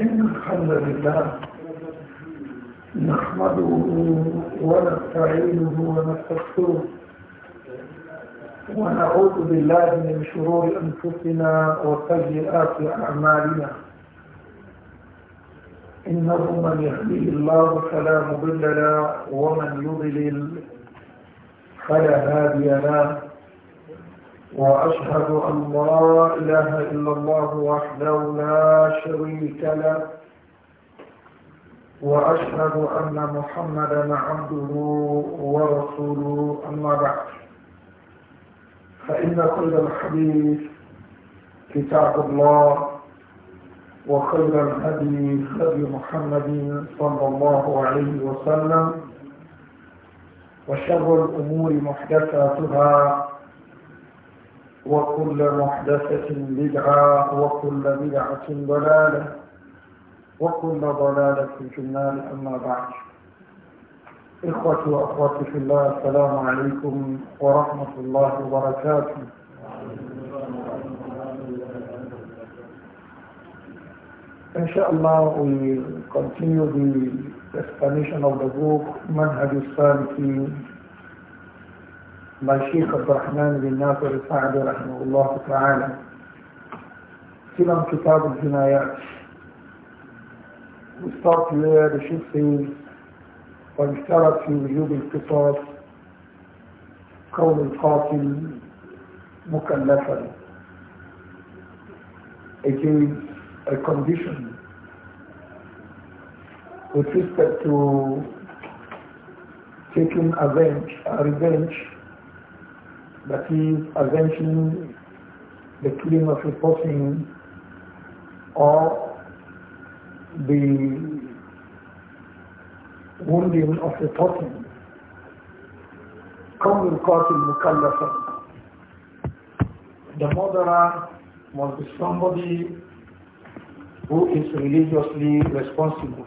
إن الحمد لله نحمده ونستعينه ونستغفره ونعوذ بالله من شرور أنفسنا وسيئات أعمالنا إنه من يهديه الله فلا مضل له ومن يضلل فلا هادي له وأشهد أن لا إله إلا الله وحده لا شريك له وأشهد أن محمدا عبده ورسوله أما بعد فإن كل الحديث كتاب الله وخير الهدي هدي محمد صلى الله عليه وسلم وشر الأمور محدثاتها وكل محدثة بدعة وكل بدعة ضلالة وكل ضلالة في النار أما بعد إخوتي وأخواتي في الله السلام عليكم ورحمة الله وبركاته إن شاء الله we continue the explanation of the book منهج السالكين by Sheikh Abdurrahman bin Nasir al-Sa'di rahimahullah ta'ala still Kitab al-Jinayat we start where the Sheikh says وَالْكَرَةِ وُجُوبِ الْقِصَاصِ كَوْنِ الْقَاتِلِ مُكَلَّفًا It is a condition with respect to taking revenge, revenge that is avenging the killing of a person or the wounding of a person. كون القاتل مكلفا the murderer must be somebody who is religiously responsible.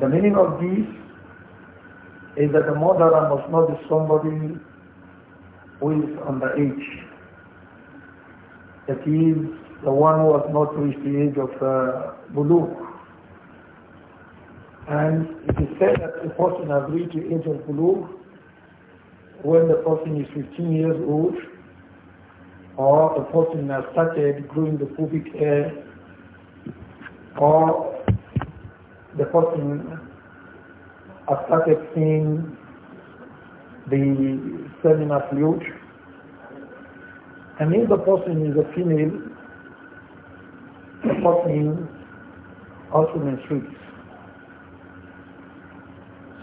The meaning of this is that the mother must not be somebody who is underage. That is the one who has not reached the age of uh, buluk. And it is said that the person has reached the age of buluk when the person is 15 years old or the person has started growing the pubic hair or the person I started seeing the seminar huge. And if the person is a female, the person also menstruates.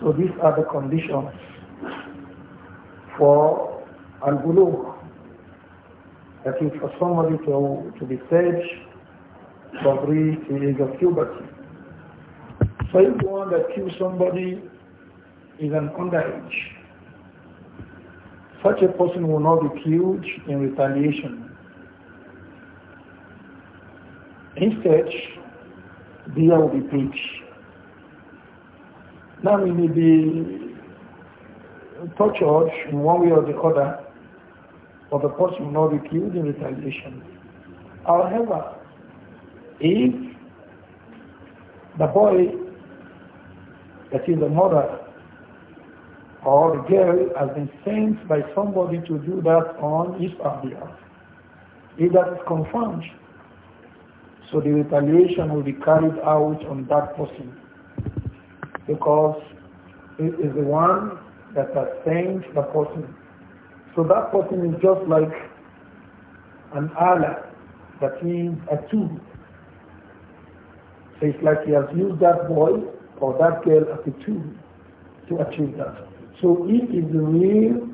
So these are the conditions for al-bulugh. is for somebody to, to be sage, to reach the age of puberty. So if you want to kill somebody is an underage. Such a person will not be killed in retaliation. Instead, there will be paid. Now he may be tortured in one way or the other, but the person will not be killed in retaliation. However, if the boy, that is the mother, or the girl has been sent by somebody to do that on his behalf. If that is confirmed, so the retaliation will be carried out on that person because it is the one that has sent the person. So that person is just like an Allah, that means a tool. So it's like he has used that boy or that girl as a tool to achieve that. So he is the real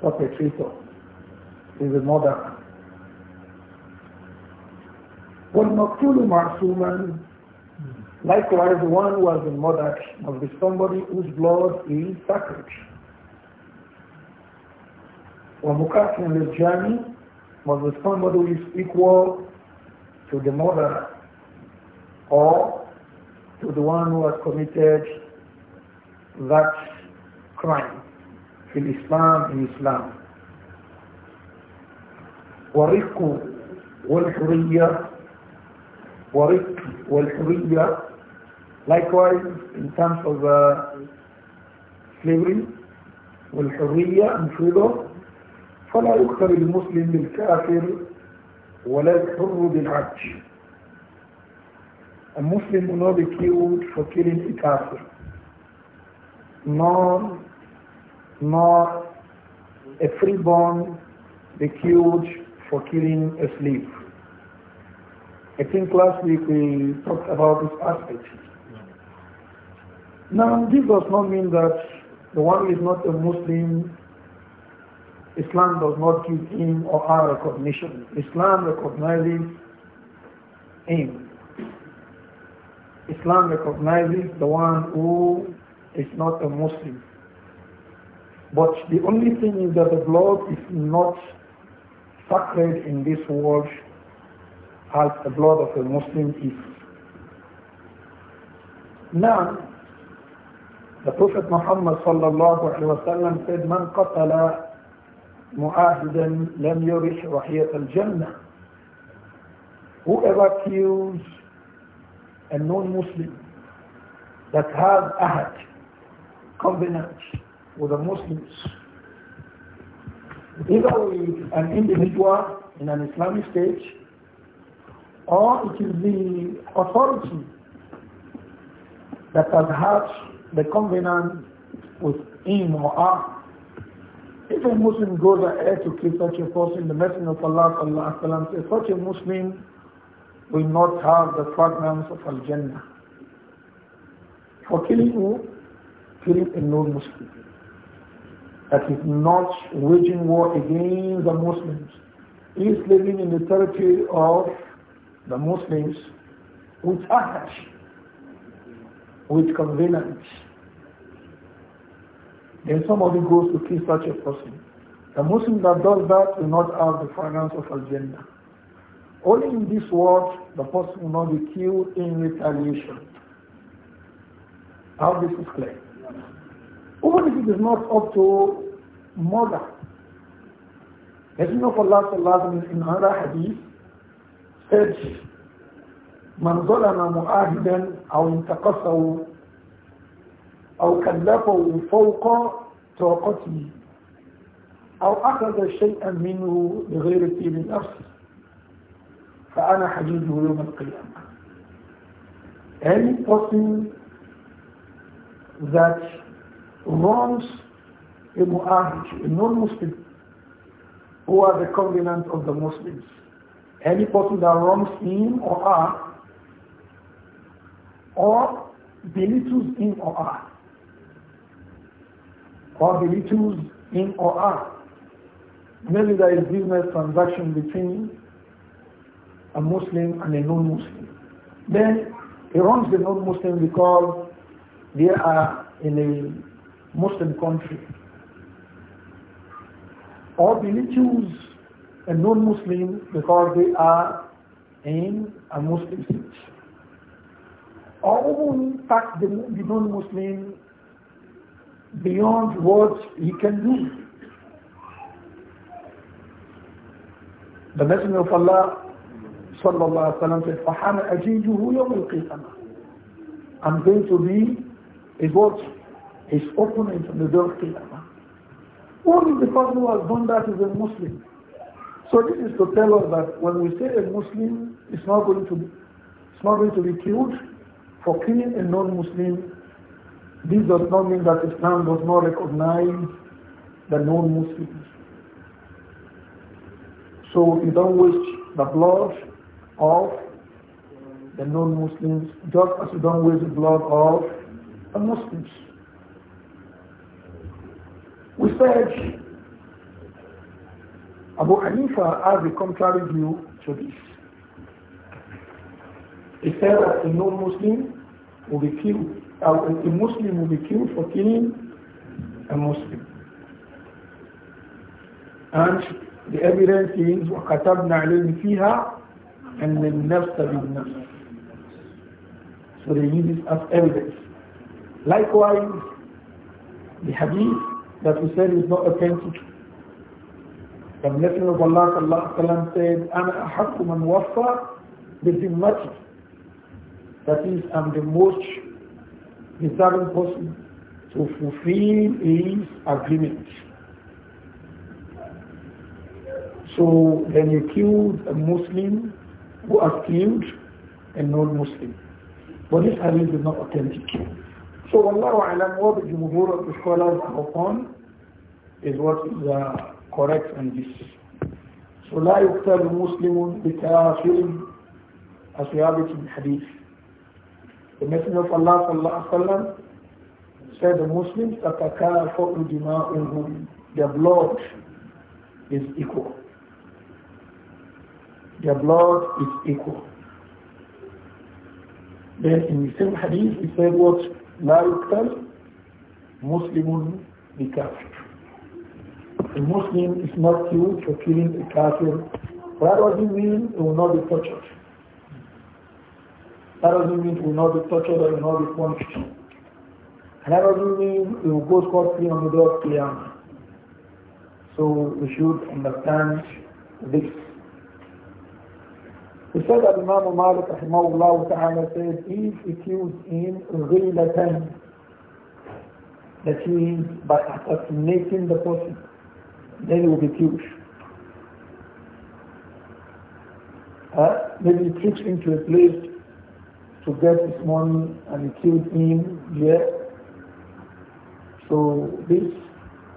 perpetrator, is the When وَالْمَقْتُولُ مَعْصُومًا Likewise, one who has been murdered must be somebody whose blood is sacred. وَمُكَافٍ لِلْجَانِ must be somebody who is equal to the murderer or to the one who has committed that crime في الإسلام in Islam والرفق والحرية ورفق والحرية likewise in terms of uh, slavery والحرية and freedom فلا يقتل المسلم بالكافر ولا الحر بالعج A Muslim will not be killed for killing a kafir. None nor a freeborn be for killing a slave. I think last week we talked about this aspect. Now, this does not mean that the one who is not a Muslim, Islam does not give him or her recognition. Islam recognizes him. Islam recognizes the one who is not a Muslim. But the only thing is that the blood is not sacred in this world as the blood of a Muslim is. Now, the Prophet Muhammad sallallahu alaihi wasallam said, "Man qatala mu'ahidan lam yurish rahiyat al-jannah." Whoever kills a non-Muslim that has ahad, covenant, for the Muslims. Either with an individual in an Islamic state or it is the authority that has had the covenant with him or her. If a Muslim goes ahead to kill such a person, the Messenger of Allah وسلم, says such a Muslim will not have the fragrance of Al-Jannah. For killing who? Killing a non-Muslim that is not waging war against the Muslims is living in the territory of the Muslims with ahd, with covenant. Then somebody goes to kill such a person. The Muslim that does that will not have the fragrance of Al-Jannah. Only in this world, the person will not be killed in retaliation. How this is clear. Even if it is not up to murder. Messenger of Allah sallallahu in another hadith said, من ظلم معاهدا أو انتقصه أو كلفه فوق طاقته أو أخذ شيئا منه بغير طيب نفس فأنا حجيجه يوم القيامة. Any person that wrongs a mu'ahid, a non-Muslim, who are the covenant of the Muslims. Any person that wrongs him or her, or belittles him or her, or belittles him or her. Maybe there is business transaction between a Muslim and a non-Muslim. Then he wrongs the non-Muslim because they are in a Muslim country or choose a non-Muslim because they are in a Muslim state. Or even tax the, the non-Muslim beyond what he can do. The Messenger of Allah صلى الله عليه وسلم said, فَحَمَ أَجِيجُهُ يَوْمَ الْقِيَامَةِ I'm going to be a what? his opponent on the day of Qiyamah. Only the person who has done that is a Muslim. So this is to tell us that when we say a Muslim it's not going to be, it's not going to be killed for killing a non-Muslim, this does not mean that Islam does not recognize the non-Muslims. So you don't waste the blood of the non-Muslims just as you don't waste the blood of the Muslims. We said Abu Hanifa has a contrary view to this. He said that a non-Muslim will be killed, uh, a Muslim will be killed for killing a Muslim. And the evidence is وَكَتَبْنَا عَلَيْهِ فِيهَا أَنَّ النَّفْسَ بِالنَّفْسِ So they use this as evidence. Likewise, the hadith that we said is not authentic. The blessing of Allah sallallahu said, "Ana ahakku man wafa bizimmati." That is, I'm the most deserving person to fulfill his agreement. So then you killed a Muslim who has killed a non-Muslim. But this hadith is not authentic. So Allah Alam, what the Jumhur of the scholars are upon is what is uh, correct and this. So لا يقتل مسلم بكافر as we have it in hadith. The Messenger of Allah sallallahu alaihi wasallam said the Muslims that تتكافأ دماؤهم their blood is equal. Their blood is equal. Then in the same hadith, he said what? لا يقتل مسلم بكافر. A Muslim is not killed for killing a kafir. That doesn't mean he will not be tortured. That doesn't mean he will not be tortured or will not be punished. And that doesn't mean he will go scot-free on the day of Qiyamah. So we should understand this. He said that Imam Malik rahimahullah ta'ala said, if it used in ghilatan, means by assassinating the person, then he will be killed. Uh, maybe he tricked into a place to get his money and he killed him there. Yeah. So this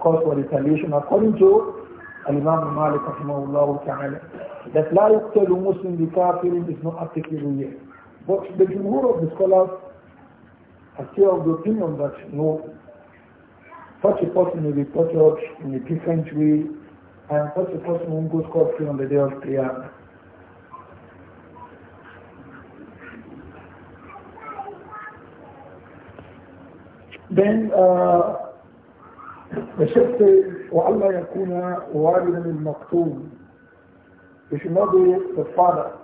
calls for retaliation according to Imam Malik rahimahullah ta'ala. That لا يقتل مسلم بكافر is not applicable yet. But the jumhur of the scholars are still of the opinion that no, such a person will be tortured in a different way and such a person won't go scot on the day of Qiyamah. Then uh, the Shaykh says, وَعَلَّا يَكُونَ وَارِدًا لِلْمَقْتُومِ it should not be the father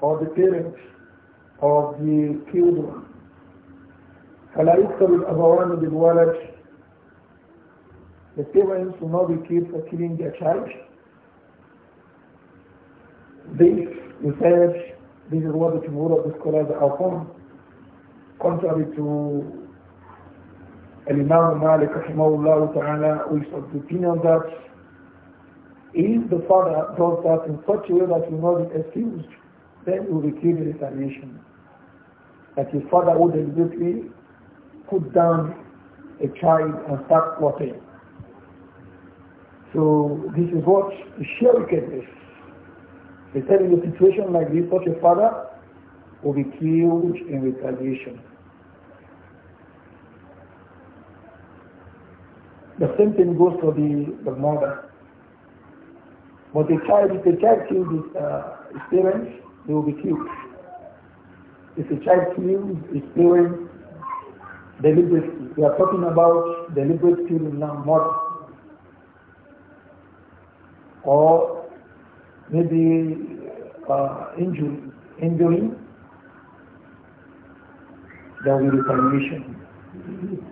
or the parent of the killed one. فلا يقتل الأبوان بالولد The parents will not be killed for killing their child. This research, this is what the Jumhur of the scholars are upon, contrary to Imam Malik we ta'ala, who is the opinion that if the father does that in such a way that know not be excused, then will receive retaliation. That his father would immediately put down a child and start plotting. So this is what the is. They said in a situation like this, such a father will be killed in retaliation. The same thing goes for the, the mother. But a child, if a child kills his, uh, his parents, They will be killed. If the child kills his parents deliberately, we are talking about deliberate killing now, not or maybe uh, injury, injury, there will be retaliation.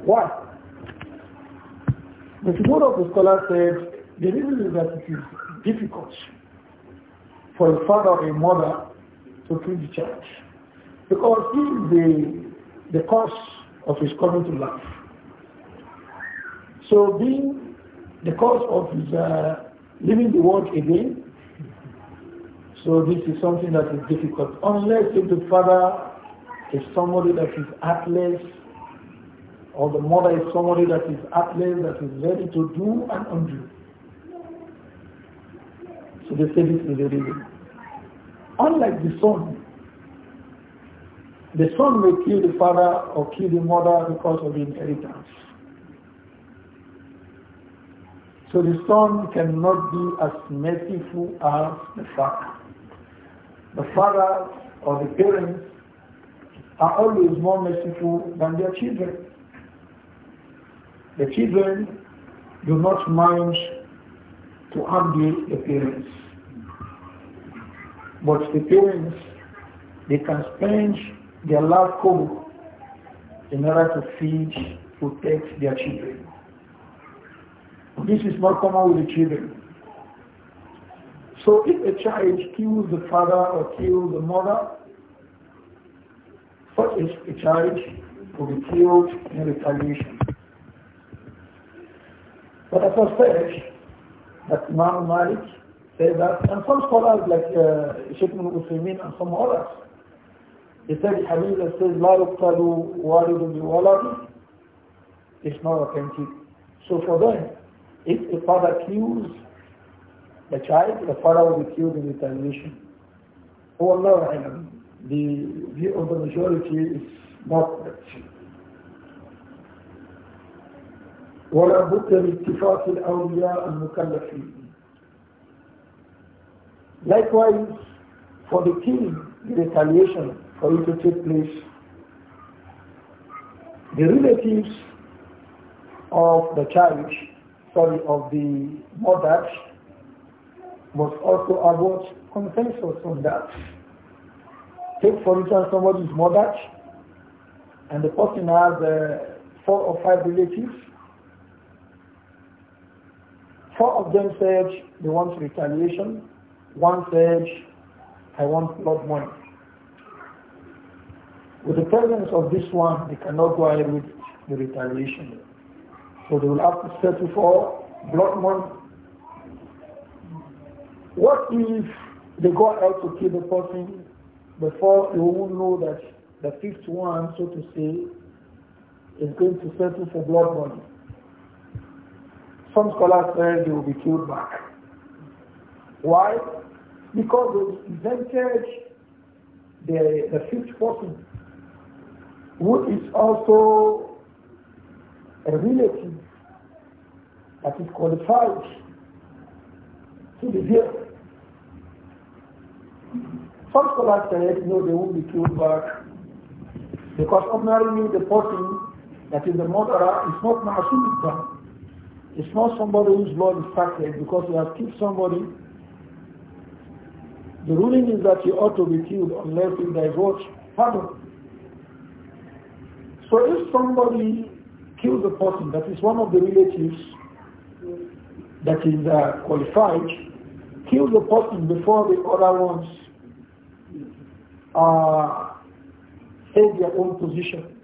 Why? The support of the scholar said the reason is that it is difficult for a father or a mother to treat the child. Because he is the, the cause of his coming to life. So being the cause of his uh, leaving the world again, so this is something that is difficult. Unless if the father is somebody that is heartless, or the mother is somebody that is heartless, that is ready to do and undo. So they say this is the reason. Unlike the son, the son may kill the father or kill the mother because of the inheritance. So the son cannot be as merciful as the father. The father or the parents are always more merciful than their children. The children do not mind to argue the, parents. But the parents, they can spend their last kobo in order to feed, protect their children. This is not common with the children. So if a child kills the father or kills the mother, what is a child to be killed in retaliation. But as I said, that Imam Malik said that, and some scholars like uh, Sheikh Al-Uthaymeen and some others, he said, Hadith says, La yuqtalu walidu bi it's not authentic. So for them, if the father kills the child, the father will be killed in retaliation. Oh Allah, the view of the majority is not that. ولا بد من اتفاق الأولياء المكلفين Likewise, for the king, the retaliation for it to take place, the relatives of the child, sorry, of the mother, must also have consensus on that. Take for instance somebody's mother, and the person has uh, four or five relatives, Four of them said they want retaliation. One said, I want blood money. With the presence of this one, they cannot go ahead with the retaliation. So they will have to settle for blood money. What if they go out to kill the person before you will know that the fifth one, so to say, is going to settle for blood money? Some scholars said they will be killed back. Why? Because they presented the, the fifth person, who is also a relative that is qualified to be here. Some scholars said, no, they won't be killed back because ordinarily the person that is the murderer is not Ma'asum it's not somebody whose blood is sacred because you have killed somebody. The ruling is that you ought to be killed unless you divulge pardon. So if somebody kills a person that is one of the relatives that is uh, qualified, kills a person before the other ones uh, take their own position,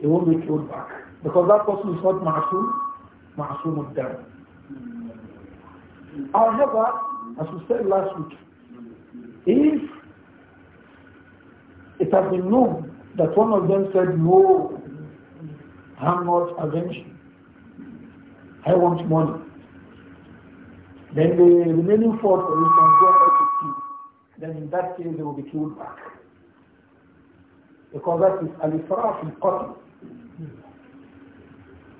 they won't be killed back. Because that person is not ma'asum, Ma'asum al-Dam. However, as we said last week, if it has been known that one of them said, no, I'm not avenged. I want money. Then the remaining four, for can go out to kill. Then in that case, they will be killed back. Because that is al-Ifra fil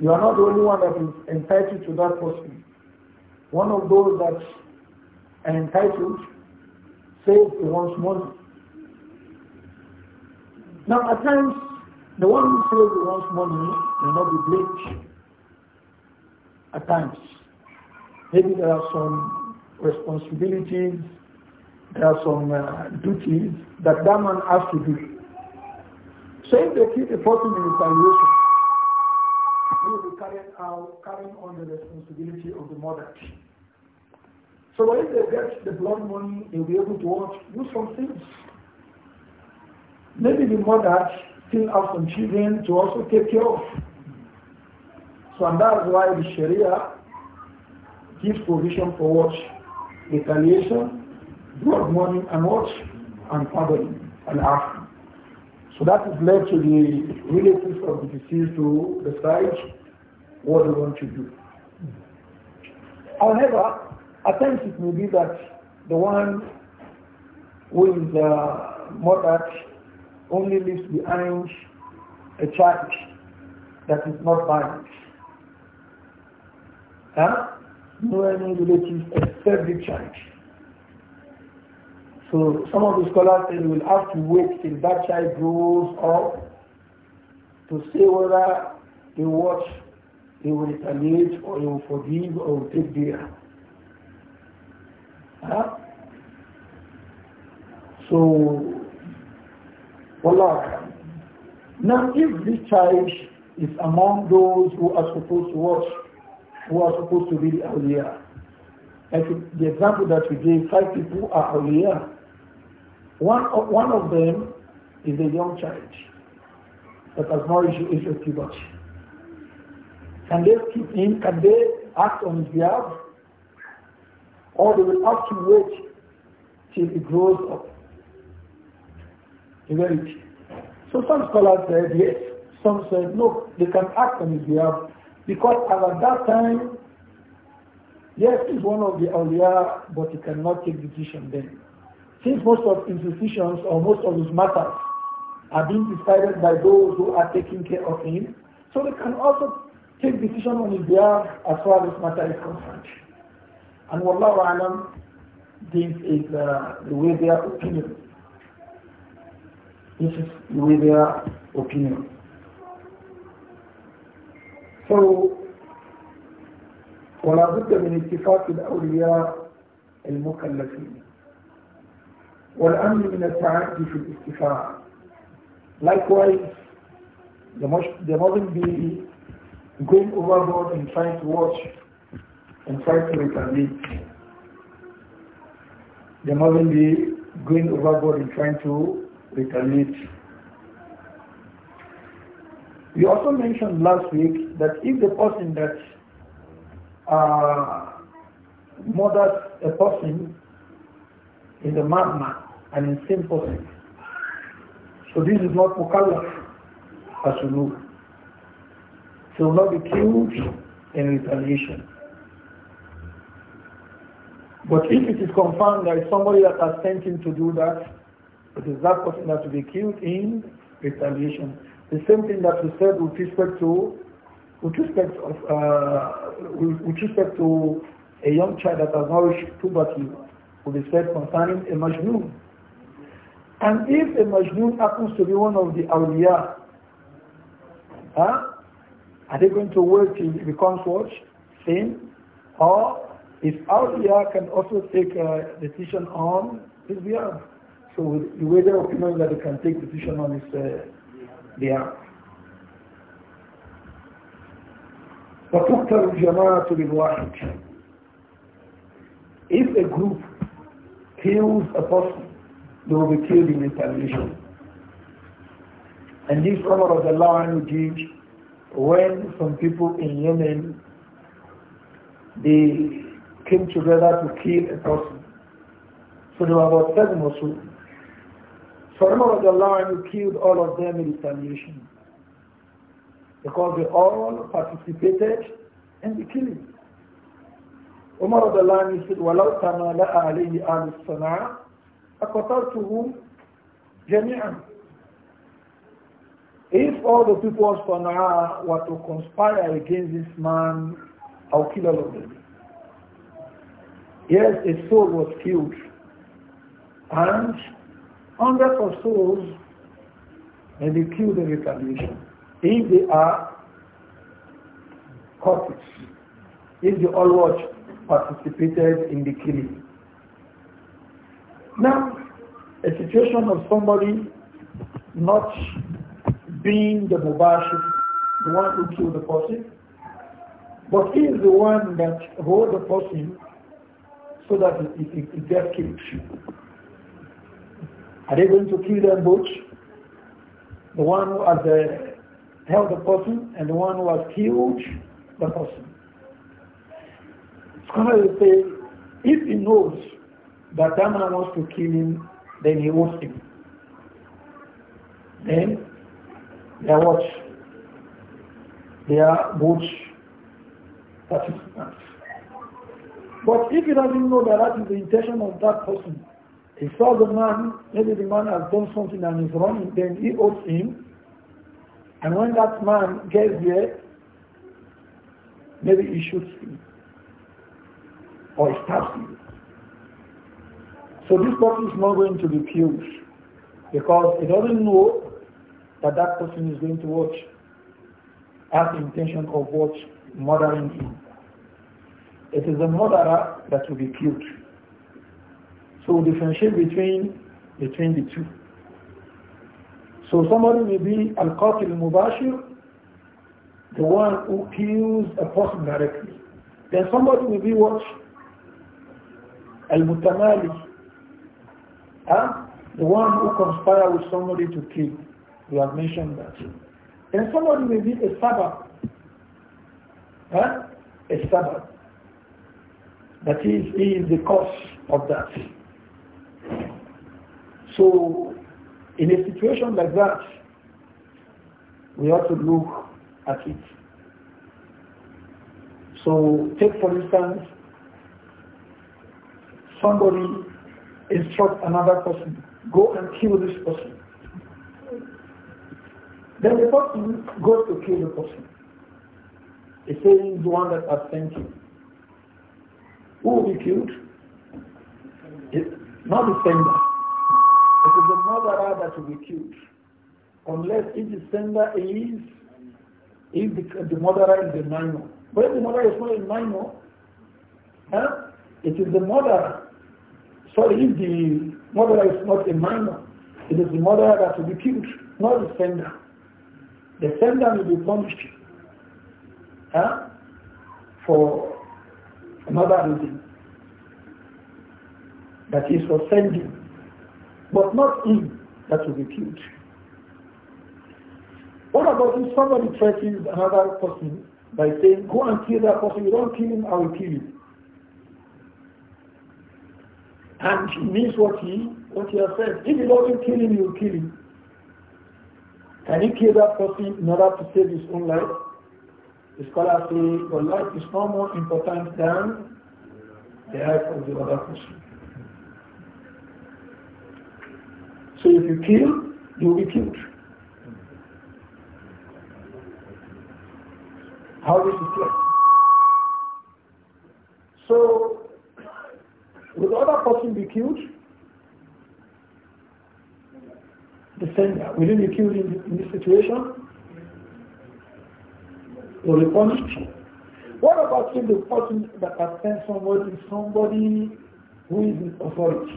you are not the only one that is entitled to that person. One of those that are entitled says he wants money. Now at times, the one who says he wants money may not be rich. At times, maybe there are some responsibilities, there are some uh, duties that that man has to do. So if they keep a person in his carrying out carrying on the responsibility of the mother. So when they get the blood money, they'll be able to watch, do some things. Maybe the mother still have some children to also take care of. So and that's why the Sharia gives provision for what? Retaliation, blood money, and watch And fathering, and after. So that is led to the relatives of the deceased to decide what we want to do. However, at times it may be that the one who is uh, murdered only leaves behind a child that is not violent. Huh? No any relatives except the child. So some of the scholars say will have to wait till that child grows up to see whether they watch he will retaliate or he will forgive or will take diyah. Huh? So, Allah. Now, if this child is among those who are supposed to watch, who are supposed to be the awliya, like the example that we gave, five people are awliya. One of, one of them is a young child that has not reached the puberty. Can they keep him? and they act on his behalf? Or they will have to wait till he grows up. You get it? So some scholars said yes, some said no, they can act on his behalf because at that time, yes, he's one of the awliya, but he cannot take decision then. Since most of institutions or most of his matters are being decided by those who are taking care of him, so they can also take decision on his behalf as far as matter is concerned. And Wallahu Alam, this is uh, the way their opinion. This is the way their opinion. So, ولا بد من اتفاق الأولياء المكلفين والأمن من التعدي في الاستفاء Likewise, there, must, there mustn't be going overboard and trying to watch and trying to retaliate. The mustn't be going overboard and trying to retaliate. We also mentioned last week that if the person that uh, murders a person is a madman, an insane person, so this is not mukallaf, as you know will not be killed in retaliation. But if it is confirmed that somebody that has sent him to do that, it is that person that will be killed in retaliation. The same thing that we said with respect to with respect of uh, with, respect to a young child that has not reached puberty will be said concerning a majnun. And if a majnun happens to be one of the awliya, huh, are they going to wait till it becomes what? Sin? Or if Awliya can also take a decision on his behalf. So the way their opinion that they can take decision on his uh, behalf. الجماعة بالواحد If a group kills a person, they will be killed in retaliation. And this Umar of Allah gives when some people in Yemen they came together to kill a person. So there were about seven or so. So Umar radiallahu killed all of them in retaliation because they all participated in the killing. Umar radiallahu said, وَلَوْ تَمَالَأَ عَلَيْهِ آلُ الصَّنَعَةِ أَقَتَلْتُهُمْ جَمِيعًا if all the people of Sana'a were to conspire against this man, I'll kill all of them. Yes, a soul was killed. And hundreds of souls may be killed in retaliation. If they are culprits, if they all watch, participated in the killing. Now, a situation of somebody not being the mubashir, the one who killed the person, but he is the one that hold the person so that it, it, it gets killed. Are they going to kill them both? The one who has uh, held the person and the one who has killed the person. Scholars say, if he knows that Damna wants to kill him, then he wants him. Then they are what? They are both participants. But if he doesn't know that that is the intention of that person, he saw the man, maybe the man has done something and is wrong, then he owes him. And when that man gets there, maybe he shoots him or he stabs him. So this person is not going to be killed because he doesn't know that that person is going to watch, has the intention of what murdering him. It is the murderer that will be killed. So we differentiate between between the two. So somebody will be al-qatil mubashir, the one who kills a person directly. Then somebody will be what? Al-mutamali, huh? the one who conspires with somebody to kill. We have mentioned that. and somebody may be a sabbath. Huh? A sabbath. That is, he is the cause of that. So, in a situation like that, we have to look at it. So, take for instance, somebody instruct another person, go and kill this person. Then the person goes to kill the person. He saying the one that has sent you. Who will be killed? It, not the sender. It is the mother that will be killed. Unless if the sender is, if the, the murderer is a minor. But if the mother is not a minor, huh? it is the mother. Sorry, if the mother is not a minor, it is the mother that will be killed, not the sender. The sender will be punished huh? for another reason. That is for sending, but not him that will be killed. What about if somebody threatens another person by saying, go and kill that person, you don't kill him, I will kill you. And he means what he what he has said. If you do not kill him, you will kill him. Can he kill that person in order to save his own life? The scholars say, your life is far more important than the life of the other person. So if you kill, you will be killed. How this is clear. So, will the other person be killed? the sender. Will he be killed in, in this situation? Will the punished? What about if the person that has sent somebody somebody who is in authority?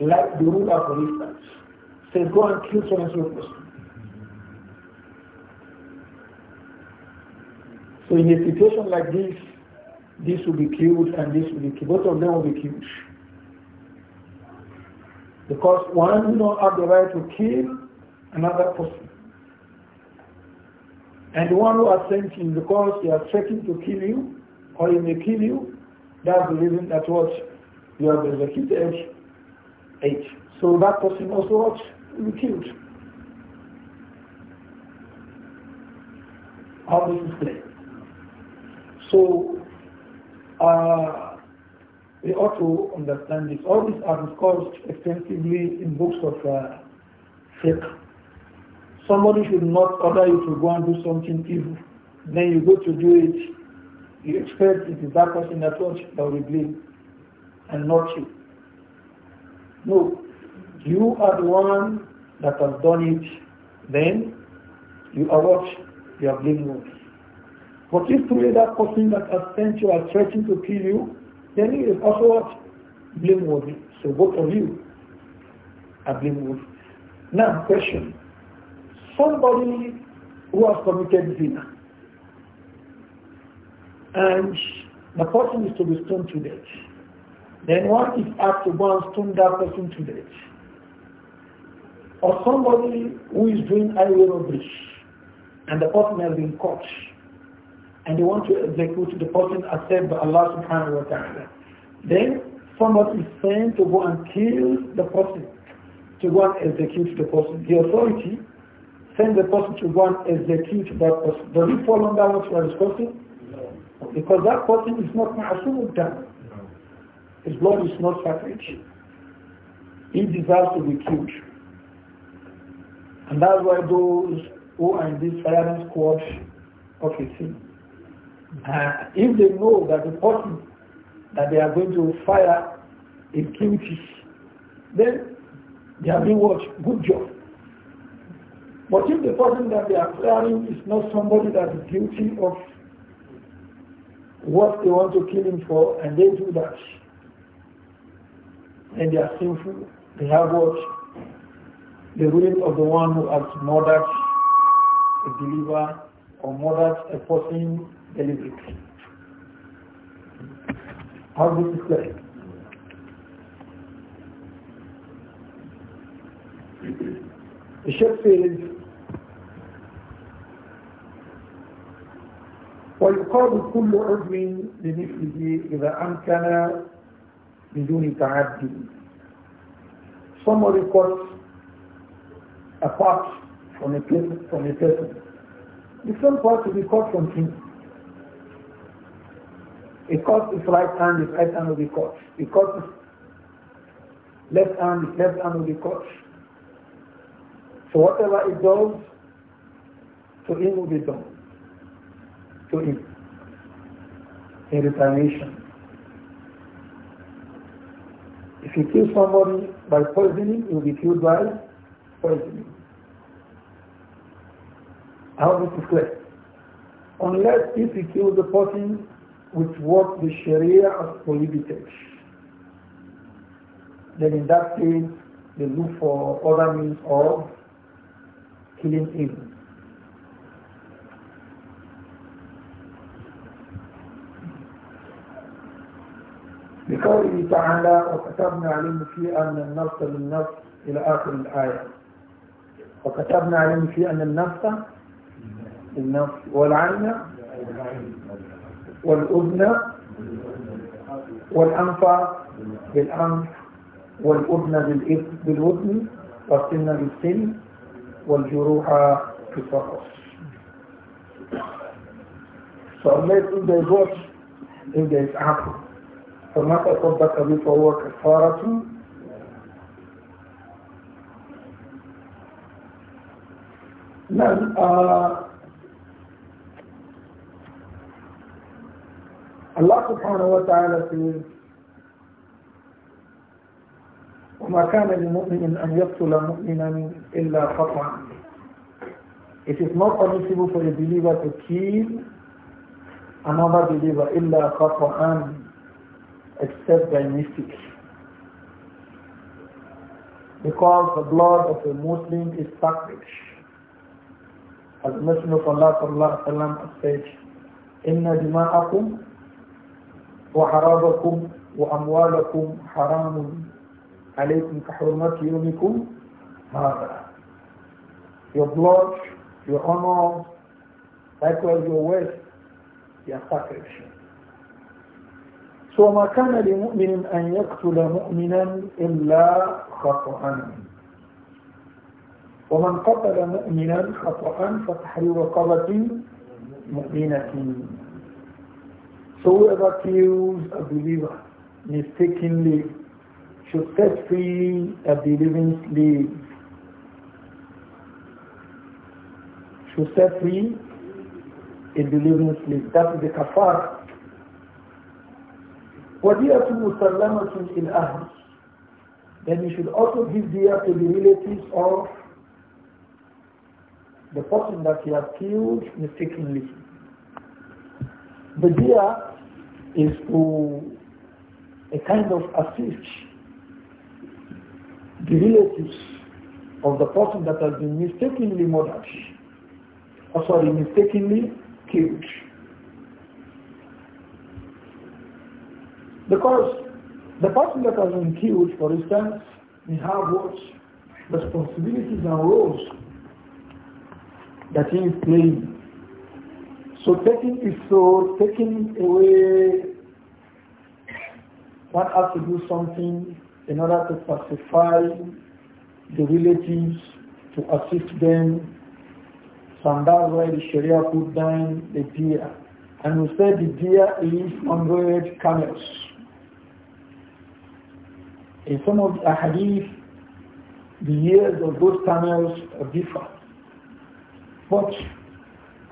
Like the ruler, for instance, says, go and kill so and so person. So in a situation like this, this will be killed and this will be killed. Both of them will be killed. Because one do not have the right to kill another person. And the one who has sent him because he has threatened to kill you, or he may kill you, that's the reason that what you have executed eight. So that person also what will be killed. How this is played. So uh, we ought to understand this. All these are discussed extensively in books of uh, Somebody should not order you to go and do something evil. Then you go to do it, you expect it is that person that will blame and not you. No, you are the one that has done it, then you are what? You are blameworthy. But if today that person that has sent you are threatening to kill you, then he is also what? Blameworthy. So both of you are blameworthy. Now, question. Somebody who has committed sin, and the person is to be stoned to death. Then one is asked to go and stone that person to death. Or somebody who is doing highway robbery and the person has been caught and they want to execute the person accept by Allah subhanahu wa ta'ala. Then somebody is sent to go and kill the person, to go and execute the person. The authority send the person to go and execute that person. Does it fall under what we are discussing? No. Because that person is not ma'asum done. His blood is not sacred. He deserves to be killed. And that's why those who are in this firing squad, okay, see, uh, if they know that the person that they are going to fire is guilty, then they have been watched. Good job. But if the person that they are firing is not somebody that is guilty of what they want to kill him for, and they do that, and they are sinful, they have what? The ruin of the one who has murdered a believer or murdered a delivery. How this you say? The Sheikh says, ويقال كل عضو لمثله إذا أمكن بدون تعدي. Somebody cuts apart from a person, from a person different part to be caught from him. He caught his right hand, his right hand will be caught. He caught his left hand, his left hand will be caught. So whatever it does, to him will be done. To him. In retaliation. If you kill somebody by poisoning, you will be killed by poisoning. I hope this is clear. Unless if you kill the person with what the Sharia has prohibited, then in that case they look for other means of killing him. بقوله تعالى وكتبنا عليهم فيه أن النفس للنفس إلى آخر الآية وكتبنا عليهم فيه أن النفس النفس والعين والأذن والأنف بالأنف والأذن بالأذن والسن بالسن والجروح في الفقر unless if دي بوش إن دي there فما تصدق به فهو كفارة نعم Allah subhanahu wa ta'ala says, وما كان لمؤمن أن يقتل مؤمنا إلا خطأ It is not permissible for a believer to kill another believer إلا خطأ except by mistake. Because the blood of a Muslim is sacred. As the Messenger of Allah sallallahu alaihi wasallam said, إن دماءكم وحرابكم وأموالكم حرام عليكم كحرمة يومكم هذا Your blood, your honor, likewise your wealth, your sacrifice sacred. So ما كان لمؤمن أن يقتل مؤمنا إلا خطأ ومن قتل مؤمنا خطأ فتحرير رقبة مؤمنة So whoever kills a believer mistakenly should set free a believing slave. Should set free a believing slave. That is the kafar. وَدِيَةُ مُسَلَّمَةٌ إِلْ أَهْلِ Then you should also give diyah to the relatives of the person that you have killed mistakenly. The diyah is to a kind of assist the relatives of the person that has been mistakenly murdered, or sorry, mistakenly killed. Because the person that has been killed, for instance, may have what responsibilities and roles that he is playing so taking is so taking away one has to do something in order to pacify the relatives, to assist them. So that's why the Sharia put down the deer. And we said the deer is 100 camels. In some of the hadith, the years of those camels differ. But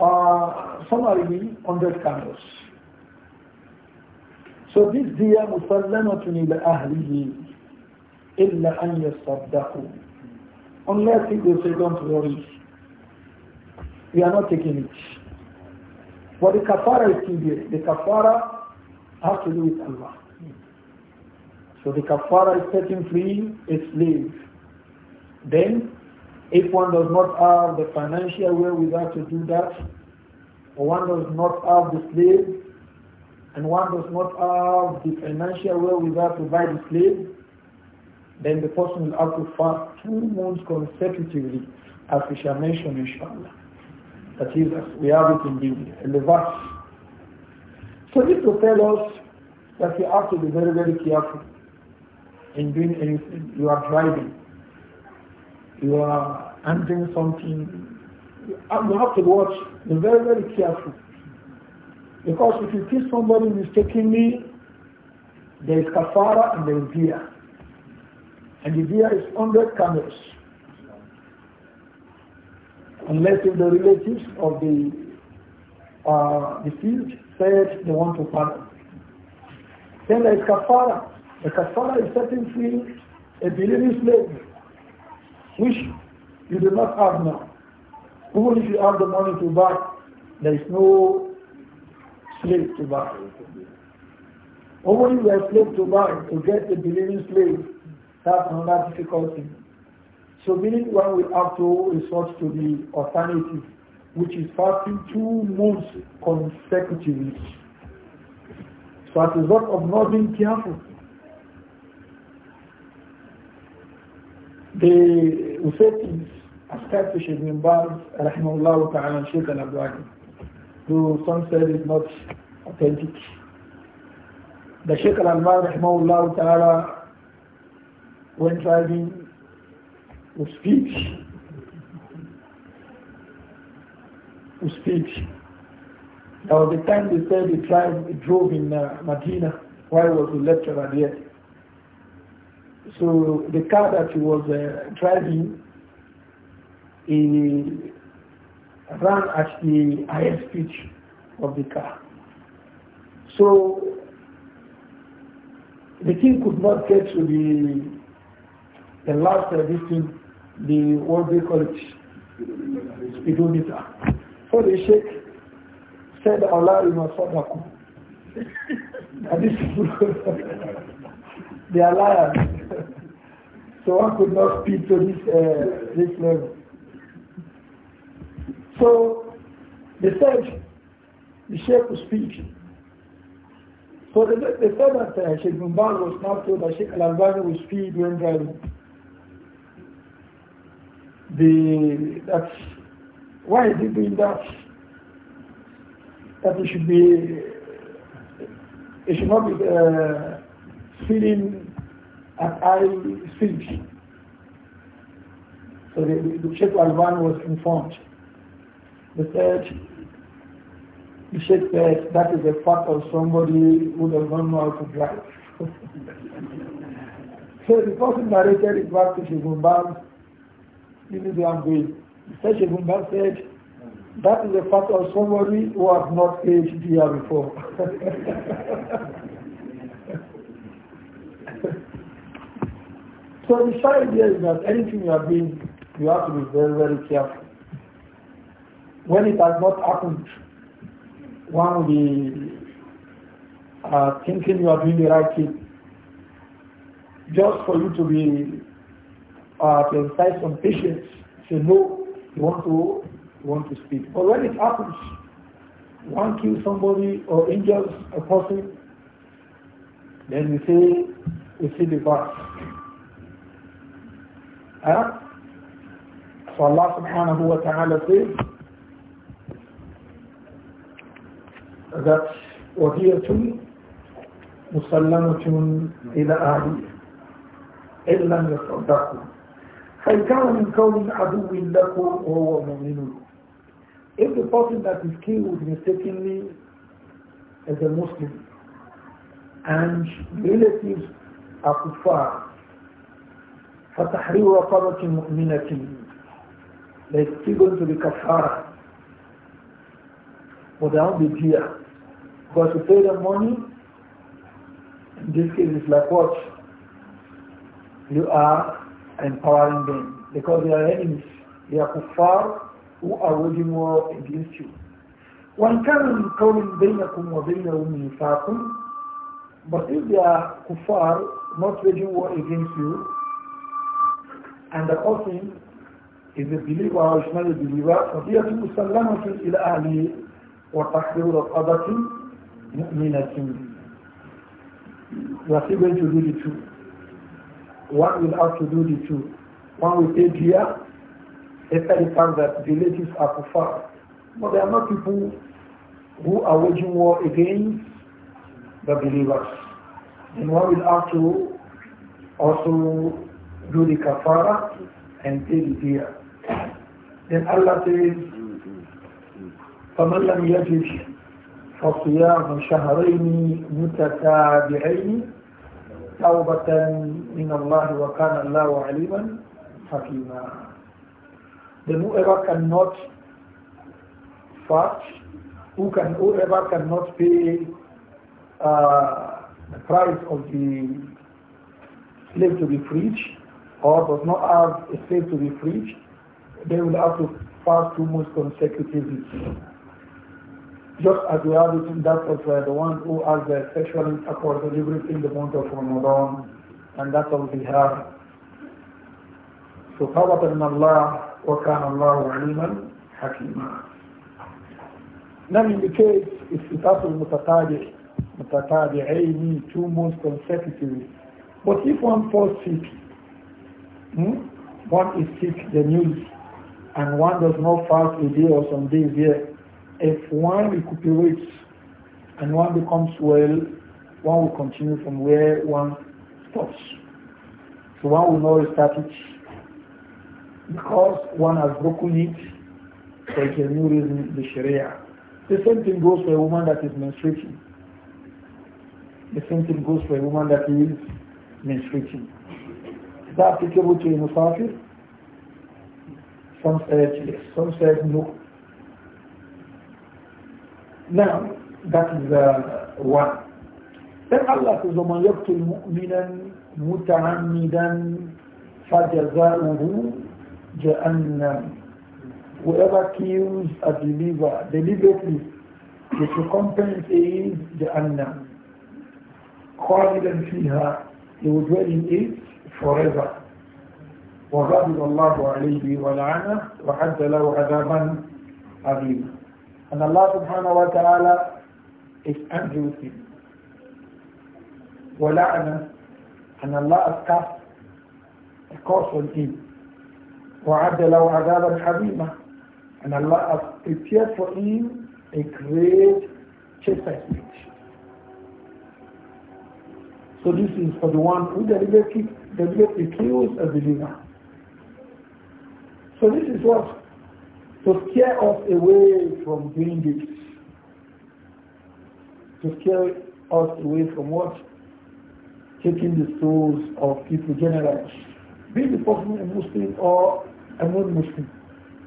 uh, in 100 camels. So this diya musallamatun ila ahlihi illa an yasaddaqu. Unless he will say, don't worry, we are not taking it. But the kafara is still there. The kafara has to do with Allah. So the kafara is setting free a slave. Then if one does not have the financial wherewithal to do that, or one does not have the slave, and one does not have the financial wherewithal to buy the slave, then the person will have to fast two months consecutively, as we shall mention inshallah. That is, we have it in the, in the verse. So this will tell us that you have to be very, very careful in doing anything. You are driving you are handling something, you have to watch, be very, very careful. Because if you kiss somebody mistakenly, there is kafara and there is dia. And the dia is 100 camels. Unless if the relatives of the uh, deceased said they want to pardon. Then there is kafara. The kafara is setting free a believing slave which you do not have now. Even if you have the money to buy, there is no slave to buy. Only if you have slave to buy, to get a believing slave, that's another difficult thing. So meaning one will have to resort to the alternative, which is fasting two months consecutively. So as a result of not being careful, the receptors ascribed to Sheikh bin Baz, rahimahullah ta'ala, Sheikh al-Abwani, who some said is not authentic. The Sheikh al-Albani, rahimahullah ta'ala, when driving, would speak, would speak. Now, the time they said he, tried, he drove in uh, Medina while he was a lecturer there so the car that he was uh, driving, he ran at the highest speed of the car. So the king could not get to the the last uh, victim, the what they call it, speedometer. So the sheikh said, Allah, you must that this They are liars. so one could not speak to this, uh, this level. So they said, the Sheikh was speaking. So the the said time, uh, Sheikh Mumbal was not told that Sheikh Al-Albani will speak when driving. The, that's, why is he doing that? That it should be, it should not be, uh, feeling as I speak. So the, the Sheikh Alban was informed. They said, the Sheikh said, that is a fact of somebody who does not know how to drive. so the person narrated it back to Sheikh Mumban. This is where I'm going. Sheikh Mumban said, that is a fact of somebody who has not aged here before. So the short idea is that anything you are doing, you have to be very, very careful. When it has not happened, one will be uh, thinking you are doing the right thing. Just for you to be uh, to exercise some patience, say no, you want to you want to speak. But when it happens, one kills somebody or injures a person, then we say we see the part. So Allah subhanahu wa ta'ala says that وَهِيَةٌ مسلمة إلى أهلها إن لم يصدقوا من قول عدو لكم وهو مؤمن If the person that is killed mistakenly as a Muslim and relatives are kuffar فَتَحْرِيرُ رَقَبَةٍ مُؤْمِنَةٍ ليست still going to be kafara. But Because to pay the money, in this case it's like what? You are empowering them. Because they are enemies. They are kuffar who are waging war against you. وإن كان من قول بينكم وبينهم ميثاق but if they are kuffar not waging war against you and the thing is a believer or is not a believer, فَدِيَةُ مُسَلَّمَةٌ or أَهْلِهِ of رَقَبَةٍ مُؤْمِنَةٍ We are still going to do the two. One will have to do the two. One will here, dia after the fact that the relatives are far. But there are not people who are waging war against the believers. And one will have to also do the kafara and pay the Then Allah says, فَمَنْ لَمْ يَجِدْ فَصِيَامُ شَهْرَيْنِ مُتَتَابِعَيْنِ تَوْبَةً مِنَ اللَّهِ وَكَانَ اللَّهُ عَلِيمًا حَكِيمًا Then whoever cannot fast, who can, whoever cannot pay uh, the price of the slave to be freed, or does not have a slave to be freed, they will have to pass two months consecutively. Just as we have it in that of uh, the one who has the sexual intercourse deliberately in the month of Ramadan, and that's all we have. So, Allah, من الله Allah الله عليما حكيما. Now in the case, if it happens متتابع, متتابعين two months consecutively, but if one falls sick, Hmm? One is sick, the news, and one does not fast a day or some days here. If one recuperates and one becomes well, one will continue from where one stops. So one will not restart it because one has broken it for a new reason, the Sharia. The same thing goes for a woman that is menstruating. The same thing goes for a woman that is menstruating that applicable to a Musafir? Some said yes, some said no. Now, that is uh, one. Then Allah says, وَمَنْ يَقْتُلْ مُؤْمِنًا مُتَعَمِّدًا فَجَزَاؤُهُ جَأَنَّمُ Whoever kills a believer deliberately, the recompense is Jahannam. Khalidan fiha, he will dwell in it forever. وغضب الله عليه ولعنه وعد له عذابا عظيما. And Allah subhanahu wa ta'ala is angry with him. ولعنه and Allah has cast a curse on him. وعد له عذابا حميما and Allah has prepared for him a great chastisement. So this is for the one who deliberately deliberately kills a believer. So this is what to scare us away from doing this. To scare us away from what? Taking the souls of people generally. Be the person a Muslim or a non-Muslim.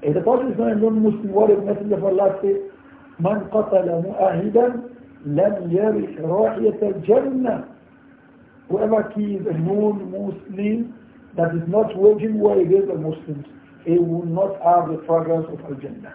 If the person is not a non-Muslim, what the Messenger of Allah say? من قتل مؤاهدا لم يرث راحية الجنة whoever kills a non-Muslim that is not waging war against the Muslims, he will not have the progress of Al-Jannah.